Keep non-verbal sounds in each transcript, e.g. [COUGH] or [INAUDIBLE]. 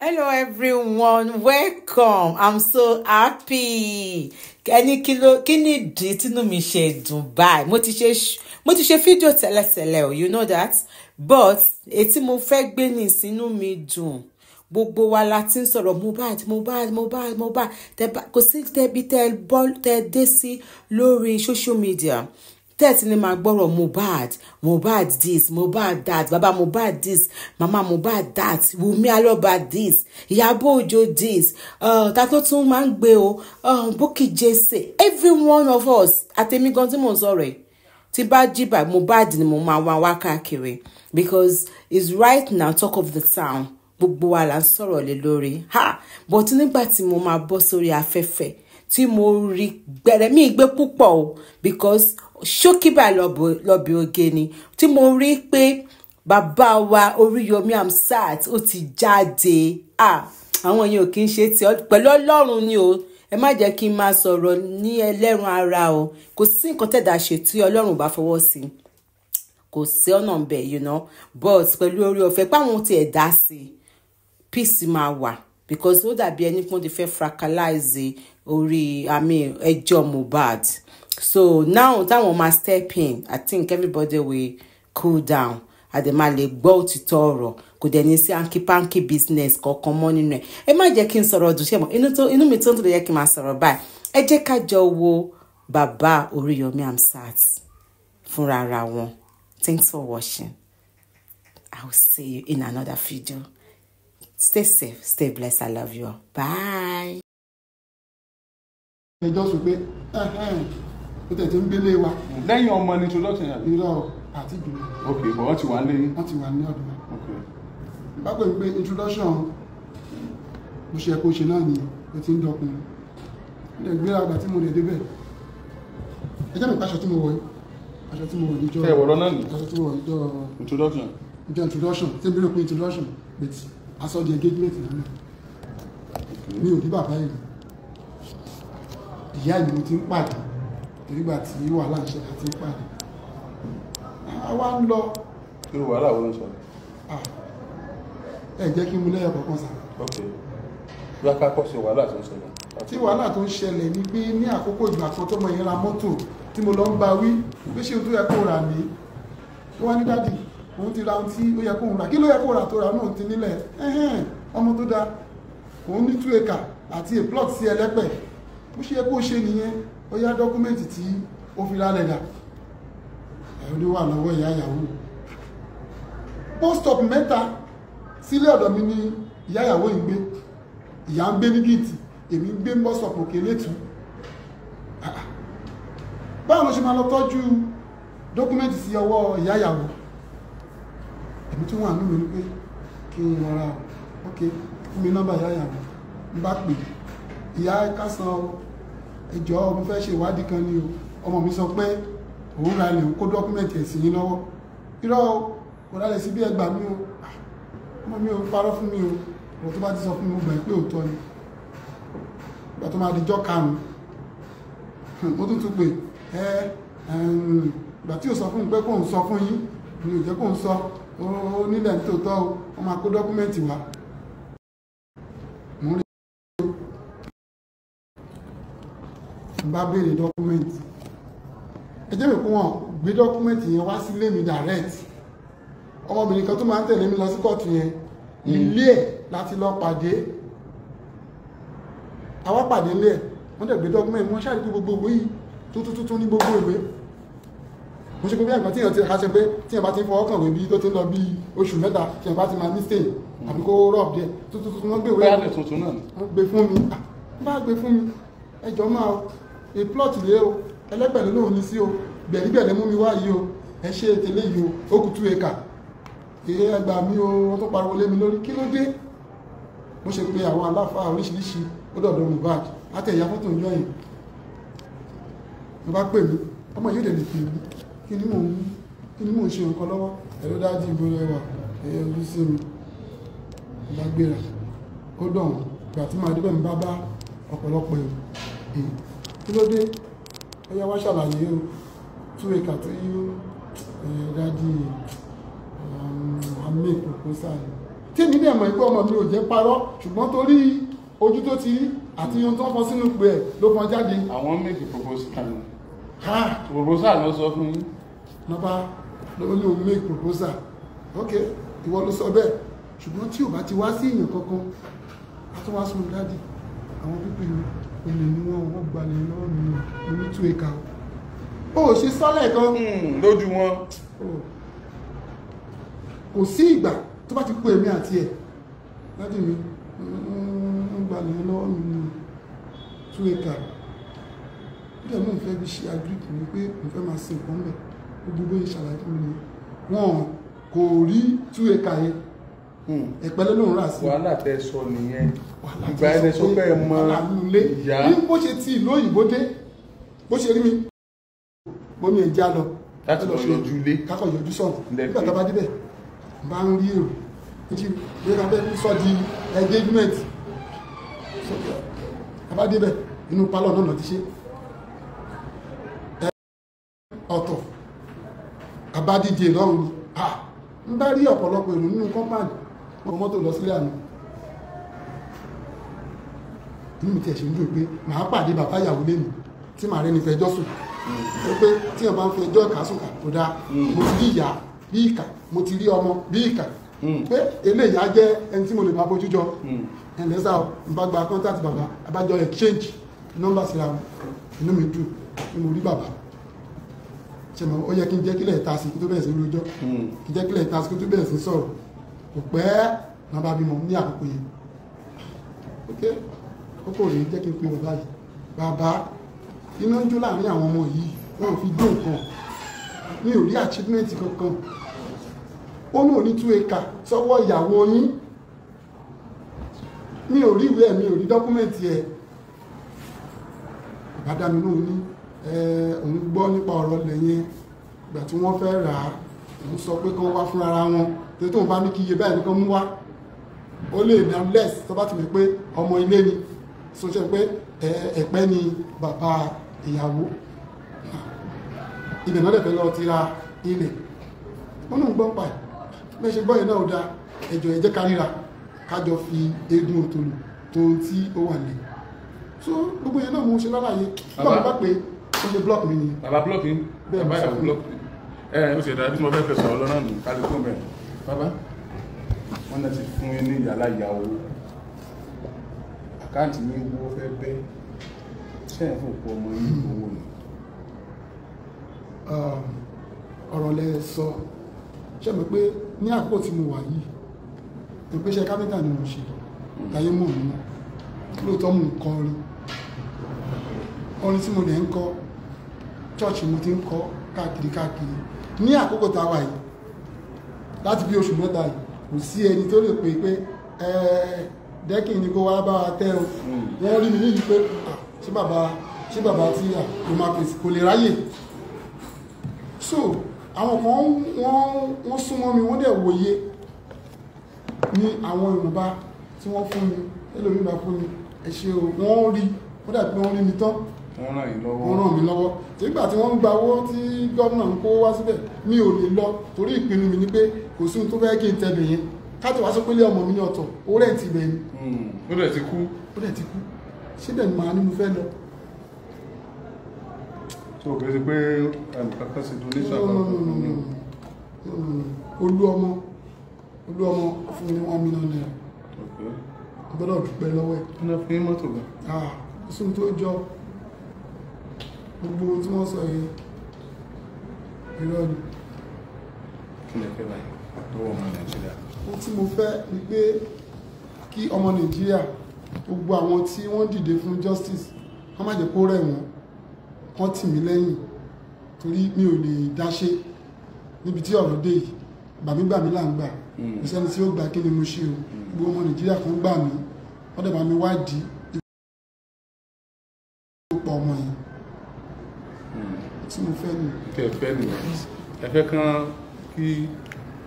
hello everyone welcome i'm so happy ẹni kí ló kí ni ìdí tínú mi ṣe dùn báyìí mo ti ṣe mo ti ṣe fídíò tẹ́lẹ̀tẹ́lẹ̀ o you know that but etí mo fẹ́ gbé ní ìsínú mi dùn gbogbo wa la ti ń sọ̀rọ̀ Mohbad Mohbad Mohbad Mohbad kò sí tẹ́bi tẹ́ bọ́ tẹ́ dé sí lórí social media tẹ́ẹ̀tì ni màá gbọ́rọ̀ Mohbad Mohbad this Mohbad that baba Mohbad this mama Mohbad that Wunmi Aloba this Ìyábọ̀ Òjó this uh, ta tó tún máa ń gbé o uh, Bukky Jesse every one of us àtẹ̀mí gan tí mò ń sọ̀rọ̀ ẹ̀ tí bá jí bá Mohbad ni mo máa wá wá káàkiri because it's right now talk of the town gbogbo wa là ń sọ̀rọ̀ lé lórí ha but nígbà tí mo máa bọ́ sórí afẹ́fẹ́ tí mo rí gbẹ̀rẹ̀ mi gbé púpọ̀ o because ṣókíbà lọ́bì oge ni tí mo rí pé bàbá wa Oríyọmí Hamzat ó ti jáde àwọn èèyàn kì í ṣe tí pẹ̀lú Ọlọ́run ni o ẹ má jẹ́ kí n máa sọ̀rọ̀ ní ẹlẹ́rùn ara o kò sí nǹkan tẹ̀dá ṣe tí Ọlọ́run bá fọwọ́ sí kò sí ọ̀nà ńbẹ̀ you know but pẹ̀lú orí ọ̀fẹ́ páwọn ti ẹ̀ dá sí peace máa wà because ó dàbí ẹni pé wọ́n ti fẹ́ fracalize orí i mean ẹjọ́ Mohbad so now táwọn máa step in i think everybody will cool down àdèmà lè gbọ́ òtítọ́ ọ̀rọ̀ kò dẹ̀ ní sí hankipanki business kankan mọ́ nínú ẹ̀ ẹ má jẹ́ kí n sọ̀rọ̀ ọdún ṣẹ́mọ̀ inú mi tó ń tọ́lẹ̀ yẹ kí n máa sọ̀rọ̀ báyìí ẹ jẹ́ ká jọ wo bàbá Oríyọmí Hamzat fúnra wọn thanks for watching i will see you in another video stay safe stay blessed i love you all bye ẹjọ́ sọ pé ó tẹ̀ ń gbélé wa. lẹ́yìn ọmọ ni introduction yàrá. irọ́ àti ìgbìmọ̀. ok but wọ́n ti wà ní. wọ́n ti wà ní ọ̀dọ̀ wa. ok. bá pè pé introduction mo ṣe ẹ̀kọ́ ṣe náà nìyẹn ó ti ń dọkùnrin. ó lè gbéra àgbà tí mo lè débẹ̀. ẹ jẹ́ mi pàṣọ tí mo wọ̀ yìí tí mo wọ̀ níjọ́. ẹ wọ̀rọ̀ náà ni. aṣọ tí mo wọ̀ níjọ́. introduction. níjọ́ introduction tí mi rò pé introduction but aṣọ di engagement náà mi ò rí bàbá yìí ìyá yìí mo ti ń pàdé nígbà tí wàhálà ń ṣe àti ń pàdé àwa ń lọ. irú wàhálà wo ló ń sọ. ẹ jẹ́ kí n mú lẹ́yìn kọ̀ọ̀kan sà. ok bí a ká kọ́ sí wàhálà tó ń ṣẹlẹ̀. tí wàhálà tó ń ṣẹlẹ̀ ni pé ní àkókò ìgbà kan tó mọ ìyẹn ra mọ́tò tí mo lọ ń bá wí pé ṣé o tó yẹ kó rà mí wọ́n ní dádì òun ti ra ohun tí ó yẹ kó rà kí ló yẹ kó rà tó rà náà ti nílẹ̀ ọmọ tó dáa òun ní two acre àti a sí ẹlẹ́pẹ̀ẹ́ bó ṣe yẹ kó ṣe nìyẹn ó yá dọ́kúmẹ́ǹtì tí ó fi rálẹ̀ dà ẹ̀rọ ló wà lọ́wọ́ ìyá ìyàwó postop mẹ́ta sílé ọ̀dọ̀ mi ni ìyá ìyàwó ń gbé ìyá ń gbé ní gíìtì èmi ń gbé postop òkè létú báwo ló ṣe máa lọ tọ́jú dọ́kúmẹ́ǹtì sí ọwọ́ ìyá ìyàwó èmi tún wà nínú mi pé kí n rọra ok fún mi nọ́mbà ìyá ìyàwó ń bá pè ìyá ká san ọ́ ẹjọ́ mo fẹ́ ṣe ìwádìí kan ni o ọmọ mi sọ pé òun ra ilẹ̀ òun kó dọ́kúmẹ̀ntì ẹ̀sìn yín lọ́wọ́ irọ́ o kò rálẹ̀ sí bí ẹgbà mi o ah, ọmọ mi ò parọ́ fún mi o ọ̀rọ̀ tó bá ti sọ fún mi mo gbà pé òótọ́ ni ìgbà tó máa di jọ́ karùn-ún [LAUGHS] mo tún tún pè ẹ ìgbà tí ò sọ fún mi pé kóun sọ fún yín ni ò jẹ́ kóun sọ ó nílẹ̀ nítòótọ́ o wọ́n máa kó dọ́kúmẹ̀ntì wá bá béèrè dọ́kúmẹ́ǹtì ẹ jẹ́ mi kó wọn gbé dọ́kúmẹ́ǹtì yẹn wá sílé mi direct ọmọbìnrin kan tó máa ń tẹ̀lé mi lọ sí kóòtù yẹn hmm. ilé ẹ̀ láti lọ pàdé àwa pàdé ilé ẹ̀ wọ́n dẹ̀ gbé dọ́kúmẹ́ǹtì wọ́n ṣáàrí pé gbogbo ìwé yìí tuntun tuntun ní gbogbo ìwé mo ṣe pé bí àgbà tí èèyàn ti ra ṣe pé tí èèyàn bá ti fọwọ́ kàn wé bí tó ti lọ bí oṣù mẹ́ta tí èèyàn bá ti máa ní stay àbí kó rọ̀ díẹ̀ tuntun tuntun wọ́n gbé ìwé gbé fún mi ah, bá gbé fún mi ẹjọ́ máa ìplọ̀t lé o ẹlẹ́gbẹ̀lẹ́ lòun ní sí o gbẹ̀rígbẹ̀lẹ́ mú mi wá yìí o ẹ ṣe tẹ́lẹ̀ yìí o ó kù tú eka èyí ẹgbà mi o wọ́n tó pariwo lé mi lórí kí ló dé mo ṣe pé àwọn aláfáà oríṣiríṣi ó dọ̀dọ̀ Mohbad látẹ̀yà fọ́tò ń yọ̀yìn mo bá pè mí ọmọ yóò dẹ̀lẹ̀ pè mí kí ni mò ń kí ni mò ń ṣe nǹkan lọ́wọ́ ẹ̀rọ dájú ìbò rẹwà ẹ̀yẹ ojú sí mi mo bá gbéra ó dọ̀wọ́n ìgbà tí màá débẹ̀ mi bá bá ọ̀pọ̀lọpọ̀ èrò kí ló dé ẹyẹ wá ṣàlàyé o tún ìkà tó yí dádì àmì proposal tí èmi dẹ̀ mọ̀ pé ọmọ mi ò jẹ́ parọ́ ṣùgbọ́n torí ojú tó ti rí àti ohun tó ń kọ sínú pé ẹ̀ ló pọn jáde. àwọn méjì proposal ni proposal ló sọ fún yín. lọ́ba ló ní o make proposal ok ìwọ ló sọ bẹ́ẹ̀ ṣùgbọ́n tí ò bá ti wá sí èèyàn kankan a tún wá sún dádì àwọn pípé olè ni wọ́n wọ́n gbalẹ̀ lọ́wọ́ mi mo ní two acre o ò ṣe sálẹ̀ kan hmm, lójú wọn kò sí ìgbà tó bá ti kú èmi àti ẹ̀ láti mi wọ́n gbalẹ̀ lọ́wọ́ mi ní two acre bí ẹ̀mú ìfẹ́ bí ṣe agric ni pé ìfẹ́ máa sin nǹkan bẹ̀ gbogbo ìṣàlàyé fún mi wọn kò rí two acre yẹn Ekpele hmm. ló ń rà sí. wàhálà tẹ sọ nìyẹn ìgbà ẹni sọ pé ẹ mọ ìyá. bí bó ṣe ti ìlú òyìnbó dé bó ṣe rí mi mo mi ẹ̀ já lọ. láti lọ yọjú ilé kákọ̀ yọjú sọ̀rọ̀ nígbà tá bá débẹ̀ bá ń rí èrò sọ di engagement àbádébẹ̀ inú pálọ̀ náà ti ṣe ọ̀tọ̀ àbádíje lọ́rùn ni n bá rí ọ̀pọ̀lọpọ̀ èrò nínú wọ mọ́tò lọ sílé àná inú mi tiẹ̀ ṣe ń dùn pé màá pàdé bàbá ìyàwó lé mi tí màá rẹ́ni fẹ́ ẹjọ́ sùn ó pé tí wọ́n bá ń fi ẹjọ́ ìkà sùn kà tó dáa mo ti rí ìyá bí ìkà mo ti rí ọmọ bí ìkà pé eléyà jẹ́ ẹni tí mo lè máa bójú jọ ẹ̀ńdẹ́sà ò ń bá gba contact bàbá abájọ exchange nọ́mbà síra wọn inú mi dùn ni mo rí bàbá ṣe mọ ó yẹ kí n jẹ́ kílẹ̀ ta sí kí tó bẹ̀rẹ̀ sí lójọ́ kí n jẹ́ kílẹ̀ ta sí kí tó bẹ̀rẹ̀ sí sọ̀rọ̀ kò pẹ́ náà bá bímọ ní àkókò yìí ok àkókò rèé jẹ́ kí n pe bàbá yìí bàbá iná ń jó láàrin àwọn ọmọ yìí wọn ò fi jó nǹkan mi ò rí achievement kankan ó náà ní two acre sọ́wọ́ ìyàwó yín mi ò rí ìwé ẹ̀ mi ò rí dọ́kúmẹ̀ntì ẹ̀ bàbá dá mi lóhùn ní òun gbọ́ nípa ọ̀rọ̀ lẹ́yìn ìgbà tí wọ́n fẹ́ rà á òun sọ pé kán wá fún ara wọn tó tóun bá ní kí iye báyìí nìkan mú wá ó lè dá less tó bá ti rí pé ọmọ ilé ni so ṣe pé ẹ̀pẹ́ ni bàbá ìyàwó ibẹ̀ náà lẹ́fẹ̀ẹ́ lọ ti ra ilẹ̀ wọn náà ń gbọ́n pa ẹ̀ bẹ́ẹ̀ ṣe gbọ́yìn náà ó da ẹ̀jọ̀ ẹ̀jẹ̀ káríra kájọ fi eégún òtòlù tó tí ó wà ní so gbogbo yẹn náà mo ṣe lálàyé báwo bá pé ó ṣe block mi ni. bàbá block mi bàbá ìyàwó block ẹ ó ṣe dájú mo fẹ́ fẹ́ sọ̀rọ̀ lọ́nà nù kálukú mẹ́ bàbá wọn náà ti fún yín ní ìyàlá ìyàwó àkáǹtì yín owó fẹ́ bẹ́ ṣe é fòpò ọmọ yín owó ni. Ah, ọ̀rọ̀ lẹ sọ ṣe mọ̀ pé ní àkókò tí mo wà yìí mo pé ṣe kápẹ́tà ni mo ṣe láyé mọ̀ mí lóòótọ́ mo ń kọ orin orin tí mo dẹ̀ ń kọ chọ́ọ̀chì mo ti ń kọ káàkiri káàkiri ní àkókò táwa yìí láti bí oṣù mẹ́ta yìí kò sí ẹni tó lè pè pé dẹ́kì ni kó wá bá wa tẹ́ o hmm. wọ́n rí mi níyìí pé ṣé bàbá ṣé bàbá tí kò máa pèsè kò lè ráyè so àwọn kan wọ́n súnmọ́ mi wọ́n dẹ̀ wòye ní àwọn ìwọ̀nba tí wọ́n fún mi ẹlòmíì bá fún mi ẹ ṣé o wọ́n rí wọ́n dàbí wọ́n rí mi tán wọ́n ràn yín lọ́wọ́ wọ́n ràn mí lọ́wọ́ nígbà tí wọ́n ń gba owó tí gómìnà ń kó wá síbẹ̀ mi ò lè lọ torí ìpinnu mi ni pé kò sí ohun tó fẹ́ kí n tẹ̀lé yẹn káàtó wá sọ pé ilé ọmọ mi ní ọ̀tọ̀ ó rẹ̀ ti bẹ̀ ni. Hmm, ó rẹ̀ ti kú. ó rẹ̀ ti kú ṣé dẹ̀ máa ní mo fẹ́ lọ. tó o kẹ́ sí pé kankan sí donation àpapọ̀ ní. olú ọmọ olú ọmọ fún mi ní one million naira. ọgbọ́dọ̀ lọ́wọ́ ẹ̀. kí ló mọ́tò gan. ah ó sì ń gbogbo tí wọ́n sọ yẹn irọ́ ni. kí lè fẹ́ báyìí lọ́wọ́ ọmọ nàìjíríà. ohun tí mo fẹ́ ni pé kí ọmọ nàìjíríà gbogbo àwọn tí wọ́n dìde fún justice wọ́n má jẹ́ kó rẹ̀ wọ́n wọ́n tì mí lẹ́yìn torí mi ò lè dáṣe níbi tí ọ̀rọ̀ dé yìí gbàmígbàmí là ń gbà hmm. kò sẹ́ni tí ó gbà kí ni mo ṣe o hmm. gbogbo ọmọ nàìjíríà kan gbà mí wọ́n dẹ̀ bá mi wádìí tí mo fẹ́ nù. tẹ ẹ fẹ́ nù ẹ fẹ́ kán kí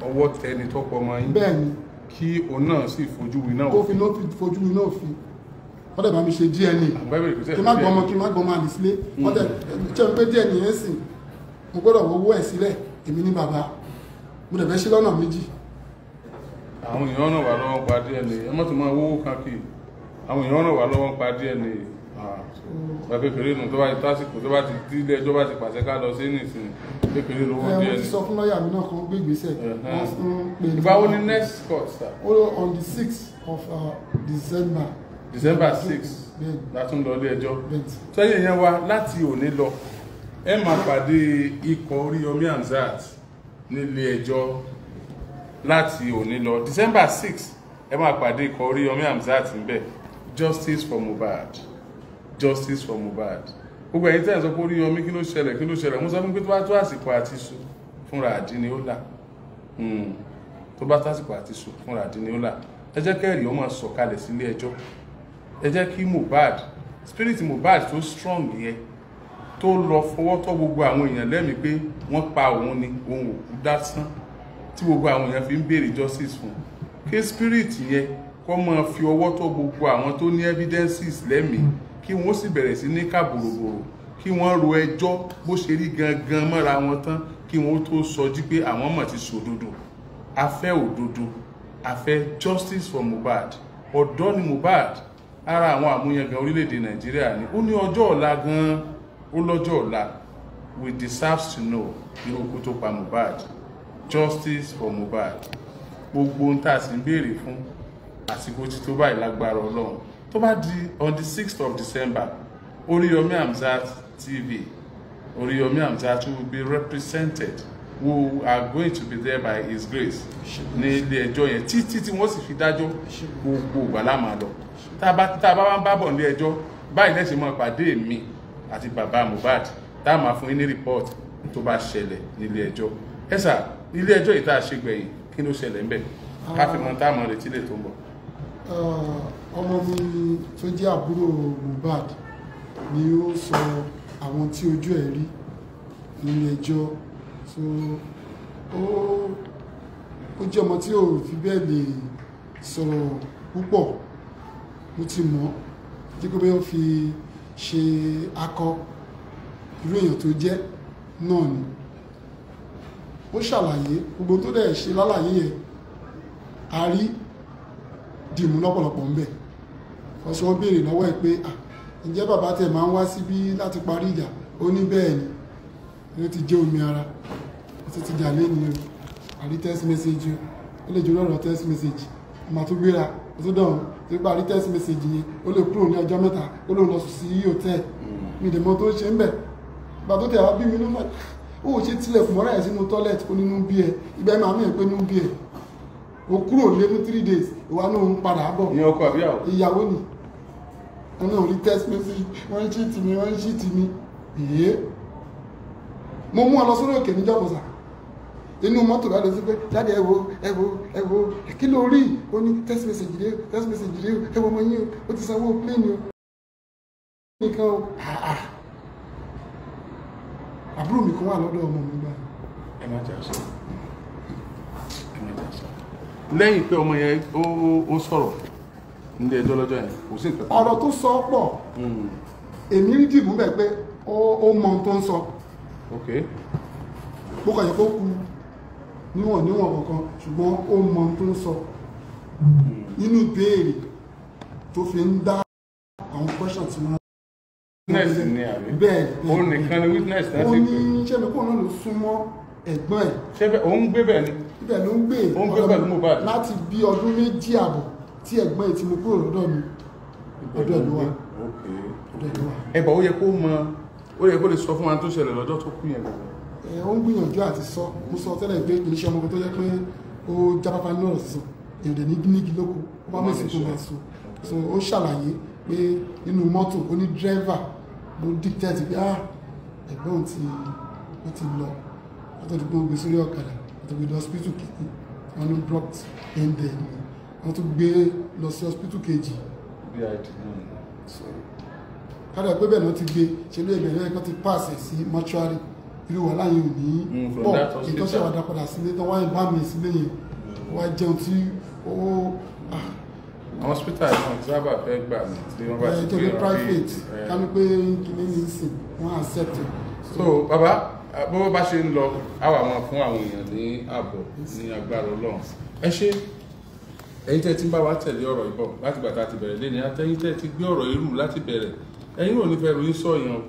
ọwọ́ tẹ ẹni tọ́pọ̀ ọmọ yín. bẹ́ẹ̀ni. kí òun náà sì fojú wi náà. kó fi náà fojú wi náà fi wọ́n dẹ̀ bá mi ṣe DNA kí má gbọ́mọ kí má gbọ́mọ àdìsílẹ̀ wọ́n dẹ̀ ṣe pé DNA yẹn sìn mo gbọ́dọ̀ wọ́wọ́ ẹ̀ sílẹ̀ èmi ní bàbá mo dẹ̀ fẹ́ ṣe lọ́nà méjì. àwọn èèyàn náà wà lọ́wọ́ pa DNA ẹ mọ́tò máa wówó kan kì í àwọn èèyàn náà wà lọ́wọ́ pa DNA. Ah, ẹ pépèrè nù tó bá ti tásìkò tó bá ti tílé ẹjọ́ bá ti pàṣẹ ká lọ sí nìsín pépèrè lówó díẹ̀ ni. ẹ wọ́n ti sọ fún lọ́ọ̀yà mi náà kan gbé ìgbésẹ̀ wọ́n ń pè ní. ìgbà wo ni next court sir. ó lọ on the sixth of uh, December. December six látún lọ ilé ẹjọ́ sẹ́yìn yẹn wá láti òní lọ ẹ máa pàdé ikọ̀ Oríyọmí Hamzat nílé ẹjọ́ láti òní lọ December six ẹ máa pàdé ikọ̀ Oríyọmí Hamzat níbẹ̀ justice for Mohbad justice for Mohbad gbogbo ẹ̀yin tẹ́ ẹ̀ sọ pé Oríyọmí kí ló ṣẹlẹ̀ kí ló ṣẹlẹ̀ mo sọ fún pé tó bá tó àsìkò àti sùn fúnra àdín ni ó là hmm. tó bá tásìkò àti sùn fúnra àdín ni ó là ẹ jẹ́ kẹ́rì ọmọ sọ̀kalẹ̀ sílé ẹjọ́ ẹ jẹ́ kí Mohbad spirit Mohbad tó strong yẹn tó lọ fọwọ́ tọ́ gbogbo àwọn èèyàn lẹ́mìí pé wọ́n pa òun ni òun ò kú dásán tí gbogbo àwọn èèyàn fi ń béèrè justice fún kí spirit yẹn kó máa fi ọwọ́ tọ́ gbogbo àwọn tó ní evidences lẹ́mìí kí wọ́n sì bẹ̀rẹ̀ sí ní kàbòròbòrò kí wọ́n ro ẹjọ́ bó ṣe rí gangan mọ́ra wọn tán kí wọ́n tó sọjí pé àwọn mọ̀ ti ṣòdodo a òdodo a justice for Mohbad ọ̀dọ́ ni Mohbad ara àwọn àmúyangàn orílẹ̀-èdè Nàìjíríà ni ó ní ọjọ́ ọ̀la gan-an ó lọ́jọ́ ọ̀la we deserve to know irú ikú tó pa Mohbad justice for Mohbad gbogbo ohun tá a sì ń béèrè fún àsìkò tí tó báyìí lágbára Ọlọ́run tó bá di on the sixth of december Oríyọmí Hamzat TV Oríyọmí Hamzat will be represented who are going to be there by his grace ní ilé ẹjọ́ yẹn títí tí wọ́n sì fi dájọ́ gbogbo ìgbà la máa lọ tá a bá ń bábọ̀ ní ẹjọ́ báyìí lẹ́sìn máa pàdé mi àti bàbá Mohbad tá a máa fún yín ní report tó bá ṣẹlẹ̀ nílé ẹjọ́ ẹ sà nílé ẹjọ́ yìí tá a ṣe gbẹ̀yìn kí ló ṣẹlẹ̀ ńbẹ̀ ká fi mọ táwọn retí lè tó ń bọ̀. Ah, ọmọ mi tó jẹ́ àbúrò Mohbad ni ó sọ àwọn tí ojú ẹ̀ rí nílé ẹjọ́ so ó ó jẹ́ ọmọ tí ò fi bẹ́ẹ̀ lè sọ̀rọ̀ púpọ̀ mo ti mọ̀ dípò bẹ́ẹ̀ ó fi ṣe akọ irú èèyàn tó jẹ́ náà ni ó ṣàlàyé gbogbo tó dẹ̀ ṣe lálàyé yẹn a rí dìmú lọ́pọ̀lọpọ̀ ń bẹ̀ ọ̀ṣọ́ ó béèrè lọ́wọ́ ẹ̀ pé ǹjẹ́ bàbá tẹ̀ máa ń wá síbí láti parí ìjà ó ní bẹ́ẹ̀ ni ó ti jẹ́ omi ara ó sì ti jà lẹ́ni o àrí text message ó lè jòrò ọ̀rọ̀ text message màá tún gbéra ó tún dàn tó gba àrí text message yẹn ó lè kúrò ní ọjọ́ mẹ́ta ó lòun lọ sùn sí hòtẹ́ẹ̀lì mi dẹ̀ mọ́ tó ṣe ń bẹ̀ gbà tó tẹ̀ wá bí mi ló mọ̀ ó ṣe tilẹ̀ fún mọ́ra ẹ̀ sínú tọ́lẹ̀tì ó nínú bí ẹ ibẹ̀ máa mú pé nínú bí ẹ o kúrò lé fún three days ìwà náà ń padà bọ̀ ní ọkọ àbíyàwó ìyàwó ni wọn náà rí test message wọn ń ṣí ti mi wọn ń ṣí ti mi ìyé mo mú ọ lọ sórí òkè níjọ́ mọ̀sá inú mọ́tò bá lọ sí pé jáde ẹ̀wò ẹ̀wò ẹ̀wò kí ló rí o ní text message rí o text message rí o ẹ̀wò ọmọ yín o ó ti sanwó plane o nìkan o àbúrò mi kan wà lọ́dọ̀ ọmọ mi gbà. ẹ má jà sọ lẹ́yìn pé ọmọ yẹn ó sọ̀rọ̀ nílé ẹjọ́ lọ́jọ́ yẹn kò sí nǹkan. ọ̀rọ̀ tó sọ pọ̀ hmm. èmi ń dìbò bẹ́ẹ̀ pé ó mọ ohun tó ń sọ. mo kàn yẹ kó ku níwọ̀n níwọ̀n kankan ṣùgbọ́n ó mọ ohun tó ń sọ hmm. nínú ìbéèrè tó fi ń dá àwọn question tí wọ́n witness ni àbí bẹ́ẹ̀ ni òun nìkan ni witness náà ti pè. ó ní ṣẹ́mi kóun náà ló súnmọ́ ẹ̀gbọ́n ẹ̀. ṣé òun gbé bẹ́ẹ̀ ni. ibẹ̀ ló ń gbé òun gbé pẹ̀lú Mohbad. láti bí ọdún méjì àbọ̀ tí ẹ̀gbọ́n ẹ̀ ti mú kúrò lọ́dọ̀ mi ọdọ̀ ìlú wa. ẹ̀bà ó yẹ kó mọ ó yẹ kó lè sọ fún wa tó ṣẹlẹ̀ lọ́jọ́ tó kú yẹn. ẹ ó ń gbìyànjú àti sọ mo sọ tẹ́lẹ̀ pé kì í ṣe ọmọkùnrin tó yẹ pé ó jáfáfá náà sọ èdè ní gínígi lóko ó bá mọ̀ sí kó máa sọ so ó ṣàlàyé pé nínú mọ́tò ó ní dírẹ́fà ló dìtẹ́tì pé ah ẹ̀gbọ́n ti lọ kó tó di pé ó gbé sórí ọ̀kadà kó tó gbé hospital kìkì wọn ló blocked ended ni wọn tún gbé lọ sí hospital kejì. kádà pé bẹ́ẹ̀ náà ti gbé ṣe ló ẹgbẹ̀rún náà kan ti pàṣẹ sí mọ́ṣúárì irú wà láyé òní pọ̀ ìtọ́ṣẹ́ àwàdà padà sílé tó wáyé bá mi sílé yẹn hmm. wá jẹun tí ó hospital náà tí wọ́n bá fẹ́ gbà mí tí wọ́n bá ti eh, gbé ọ̀rọ̀ private eh. ká ní pé kí ní ní sìn wọ́n accept. so baba Ah, bọ́wọ́ bá ṣe ń lọ àwa máa fún àwọn èèyàn ní ààbọ̀ ní agbára ọlọ́run ẹ ṣe ẹ̀yin tẹ́ ti ń bá wa tẹ̀lé ọ̀rọ̀ ìbọ̀ láti gbà ti bẹ̀rẹ̀ lé ní tẹ́ ti gbé ọ̀rọ̀ irú láti bẹ̀rẹ̀ ẹ̀yin ò ní fẹ́ ròyìn sọ̀yàn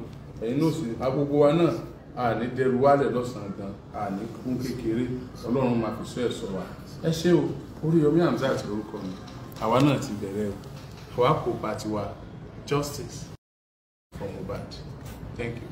ẹ̀yin náà sì agogo wa náà àní dẹrù wálẹ̀ lọ́sàn-án gan àní kún kékeré ọlọ́run máa fi sọ ẹ̀ sọ wa ẹ ṣe o Oríyọmí Hamzat lórúkọ mi àwa náà ti bẹ̀rẹ̀ o àwa kò bá tiwa justice for Mohbad thank you.